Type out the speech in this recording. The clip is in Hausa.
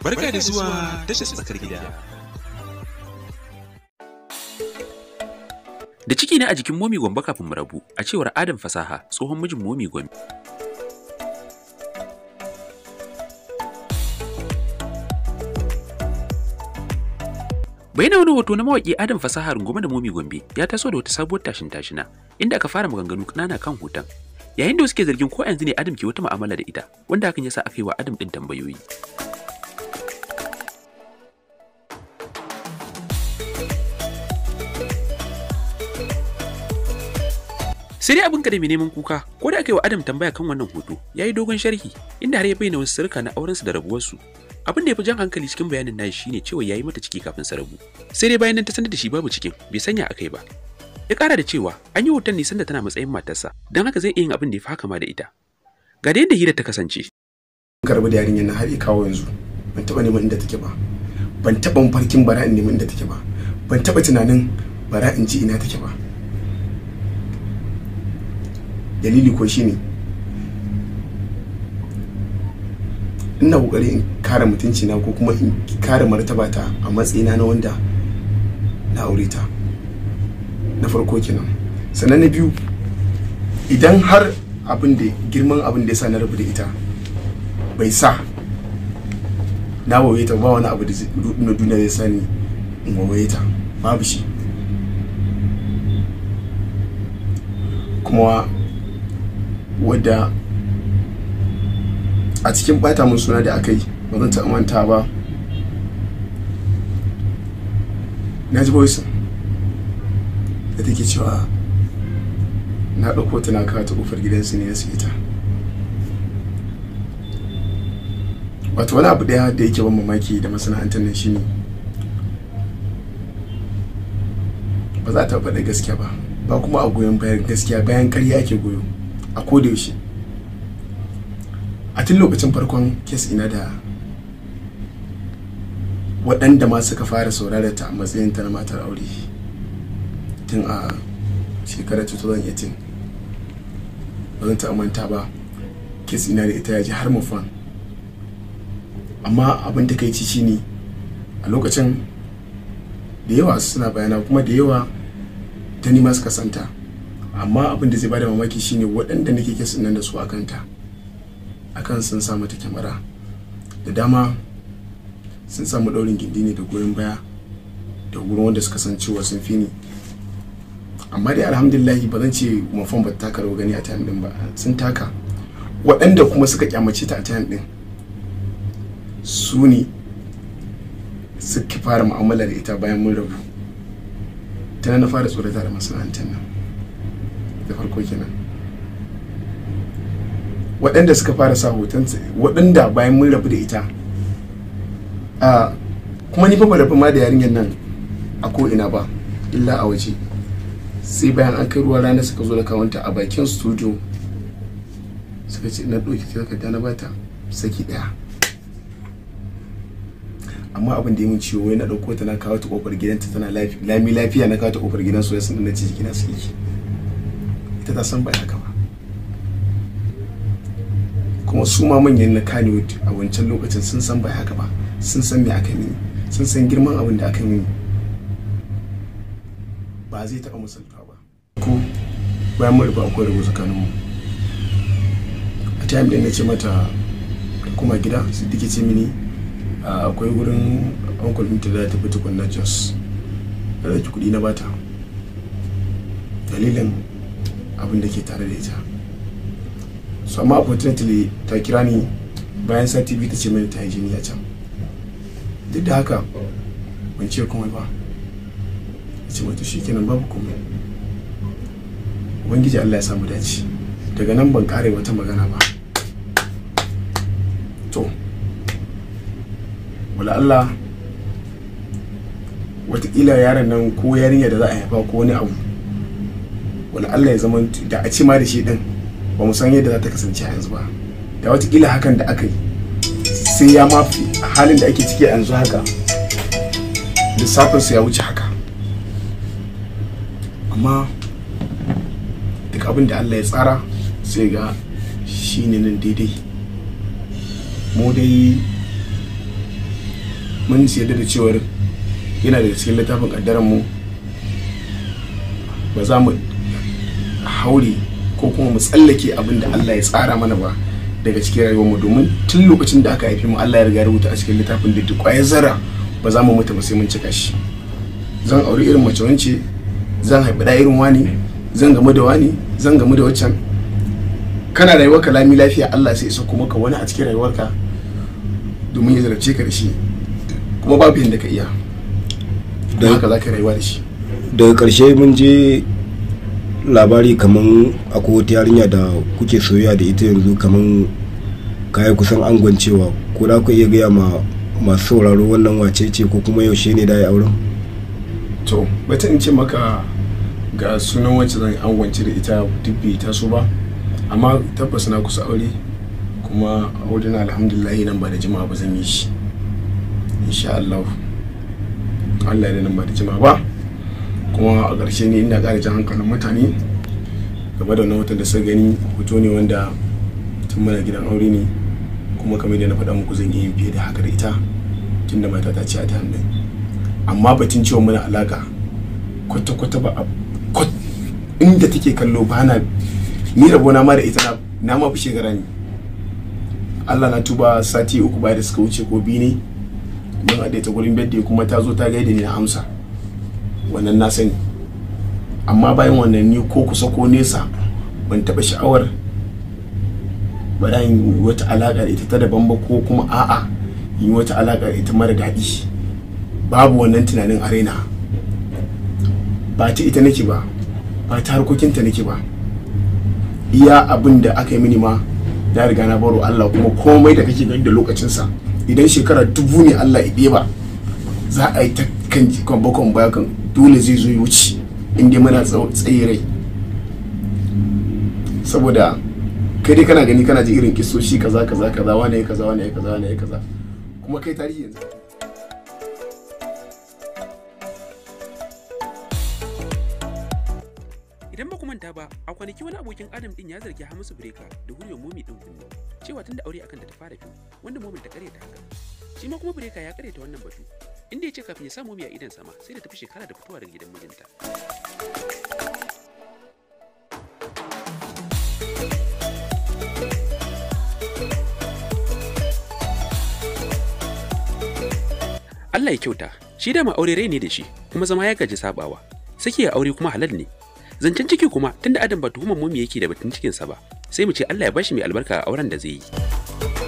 Barka da zuwa tashar tsakar gida. Da ciki na a jikin momi gombe kafin mu rabu, a cewar Adam Fasaha, tsohon mijin momi gombe. na wani hoto na mawaƙi Adam Fasaha rungume da momi gombe ya taso da wata sabuwar tashin tashina, inda aka fara maganganu ƙanana kan hoton. Yayin da suke zargin ko yanzu ne Adam ke wata mu'amala da ita, wanda hakan ya sa aka yi wa Adam ɗin tambayoyi. sai dai abin ka da neman kuka ko da aka yi wa adam tambaya kan wannan hoto ya yi dogon sharhi inda har ya bayyana wasu sirka na aurensu da rabuwarsu abin da ya fi jan hankali cikin bayanin nashi shine cewa ya yi mata ciki kafin su rabu sai dai bayan nan ta sanar da shi babu cikin bai sanya a kai ba ya kara da cewa an yi hoton nisan da tana matsayin matarsa don haka zai iya yin abin da ya fi haka ma da ita ga da yadda hirar ta kasance karbi da yarinyar na har kawo yanzu ban taba neman inda take ba ban taba mafarkin bara in neman inda take ba ban taba tunanin bara in ji ina take ba dalili ko shine ina kokari in kare mutunci na ko kuma in kare martaba ta a matsayina na wanda na aure ta na farko kenan sannan na biyu idan har abin da girman abin da ya na rabu da ita bai sa na wawaye ta ba wani abu da na duniya zai sani in wawaye ta babu shi kuma wadda a cikin bata mun suna da aka yi ba zan taɓa manta ba na ji boyson da take cewa na ɗauko ta na kawo ta ƙofar gidansu ne na siye ta wato wani abu ɗaya da yake ban mamaki da masana'antar nan shine ba za ta faɗa gaskiya ba ba kuma a goyon bayan gaskiya bayan ƙarya ake goyo a yaushe a tun lokacin farkon kes ina da waɗanda ma suka fara saurara ta a matsayin ta na matar aure tun a shekarar 2018 ba zan ta manta ba kes ina da ita ya ji har mafan amma abin da kai ci ne a lokacin da yawa suna bayana kuma da yawa ta nima suka santa amma abin da zai bada mamaki shine waɗanda nake kesin nan da su a kanta akan sun sa mata kyamara da dama sun samu ɗaurin gindi ne da goyon baya da wurin wanda suka san cewa sun fi ni amma dai alhamdulillahi ba zan ce mafan ba taka rawar gani a tayan din ba sun taka waɗanda kuma suka kyamace ta a tayan din su ne suka fara mu'amala da ita bayan mun rabu tana na fara tsorata da masana'antar nan da farko kenan waɗanda suka fara sa hoton waɗanda bayan mun rabu da ita a kuma ni fa ba rabu ma da yarinyar nan a ko ina ba illa a waje sai bayan an kai ruwa rana suka zo da kawanta a bakin studio suka ce na ɗauki takarda na bata saki ɗaya amma abin da ya mun ciwo wai na ɗauko ta na kawo ta ƙofar gidanta tana lami lafiya na kawo ta ƙofar gidan ya sanar na ciki na suke ita ta san ba haka ba kuma su ma manyan na kaniwood a wancan lokacin sun san ba haka ba sun san me aka yi sun san girman abin da aka yi ba zai taɓa musalta ba ko bayan mu rufe akwai rubu tsakaninmu a time din na ce mata kuma gida su dike ce mini akwai wurin uncle ɗinta da ta fi tukun na jos na kuɗi na bata dalilin abin da ke tare da ita so amma opportunity ta kira ni bayan sati biyu ta ce mai ta yi jini a can duk da haka ban ce komai ba a ce mata shikenan babu komai ubangiji allah ya samu dace daga nan ban kare wata magana ba to wala allah watakila yaran nan ko yarinya da za a haifa ko wani abu wani Allah ya zama da a ce ma da shi din ba mu san yadda za ta kasance a yanzu ba da watakila hakan da aka yi sai ya mafi halin da ake ciki a yanzu haka lissafinsu ya wuce haka amma duk abin da Allah ya tsara sai ga shi ne nan daidai mu dai mun yadda da cewar yana da cikin littafin mu ba za mu haure ko kuma mu tsallake abin da Allah ya tsara mana ba daga cikin rayuwarmu domin tun lokacin da aka haife mu Allah ya riga rubuta a cikin littafin da duk ya zara ba za mu mutu ba sai mun cika shi zan aure irin mace wance zan haifi da irin wani zan gamu da wani zan gamu da waccan kana rayuwar ka lami lafiya Allah sai ya sako maka wani a cikin rayuwarka domin ya zarce ka da shi kuma babu yadda ka iya don haka za ka rayuwa da shi daga ƙarshe mun je labari kaman akwai wata yarinya da kuke soyayya da ita yanzu kaman kayan kusan angon cewa ko da ku iya gaya ma masu sauraro wannan wace ce ko kuma yaushe ne da ya auren to bata in ce maka ga sunan wacce zan angwance da ita duk bai taso ba amma tabbas na kusa aure kuma auren alhamdulillah nan ba da jima'a ba zan yi shi insha Allah Allah ya nan ba da jima'a ba kuma a ƙarshe ne ina ƙara jan hankalin mutane game da wannan da suka gani hoto ne wanda tun mana gidan aure ne kuma kamar da na faɗa muku zan iya fiye da haka da ita tunda mata ta ce a ta amma batun cewa mana alaka kwata-kwata ba a inda take kallo ba na ni rabona ma da ita na ma shekara ne Allah na tuba sati uku baya da suka wuce ko biyu ne don a ta gurin bedde kuma ta zo ta gaida ni na amsa wannan na sani amma bayan wannan ni ko kusa ko nesa ban taɓa sha'awar ba bayan wata alaƙa ita ta daban ba ko kuma a'a yi wata alaƙa ita mara daɗi babu wannan tunanin arena ba ta ita nake ba ba ta harkokinta nake ba iya abin da aka yi mini ma na riga na baro Allah kuma komai da kake gani da lokacinsa idan shekara dubu ne Allah ya ɗeba za a yi ta kan jikon bakon dole zai zo wuce inda muna tsaye rai saboda kai dai kana gani kana ji irin kisoshi kaza kaza kaza wane kaza wane kaza wane kaza kuma kai tarihi yanzu idan ba ku manta ba a kwanaki wani abokin adam din ya zargi hamisu breka da huriyar momi din kunne cewa tun da aure akan da ta fara fim wanda momin ta ta haka shi ma kuma breka ya ta wannan batu inda ya ce kafin ya samu a idan sama sai da tafi shekara da fitowa daga gidan mijinta Allah ya kyauta shi dama aure rai ne da shi kuma zama ya gaji sabawa saki ya aure kuma halal ne zancen ciki kuma tunda adam ba tuhumar mu yake da batun cikinsa ba sai mu ce Allah ya bashi mai albarka a auren da zai yi